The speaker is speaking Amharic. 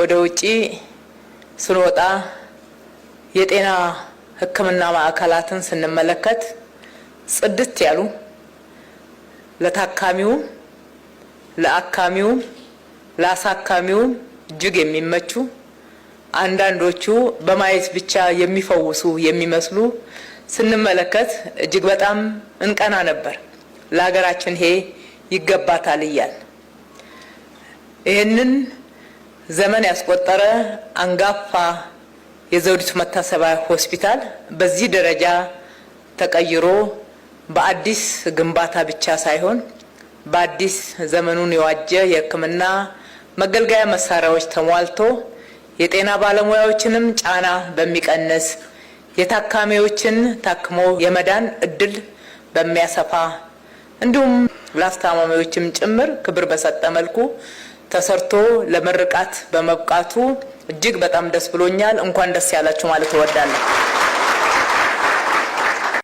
ወደ ውጪ ስንወጣ የጤና ሕክምና ማዕከላትን ስንመለከት ጽድት ያሉ ለታካሚውም ለአካሚውም ለአሳካሚውም እጅግ የሚመቹ አንዳንዶቹ በማየት ብቻ የሚፈውሱ የሚመስሉ ስንመለከት እጅግ በጣም እንቀና ነበር። ለሀገራችን ይሄ ይገባታል እያል ይህንን ዘመን ያስቆጠረ አንጋፋ የዘውዲቱ መታሰቢያ ሆስፒታል በዚህ ደረጃ ተቀይሮ በአዲስ ግንባታ ብቻ ሳይሆን በአዲስ ዘመኑን የዋጀ የሕክምና መገልገያ መሳሪያዎች ተሟልቶ የጤና ባለሙያዎችንም ጫና በሚቀንስ የታካሚዎችን ታክሞ የመዳን እድል በሚያሰፋ እንዲሁም ለአስታማሚዎችም ጭምር ክብር በሰጠ መልኩ ተሰርቶ ለምርቃት በመብቃቱ እጅግ በጣም ደስ ብሎኛል። እንኳን ደስ ያላችሁ ማለት እወዳለሁ።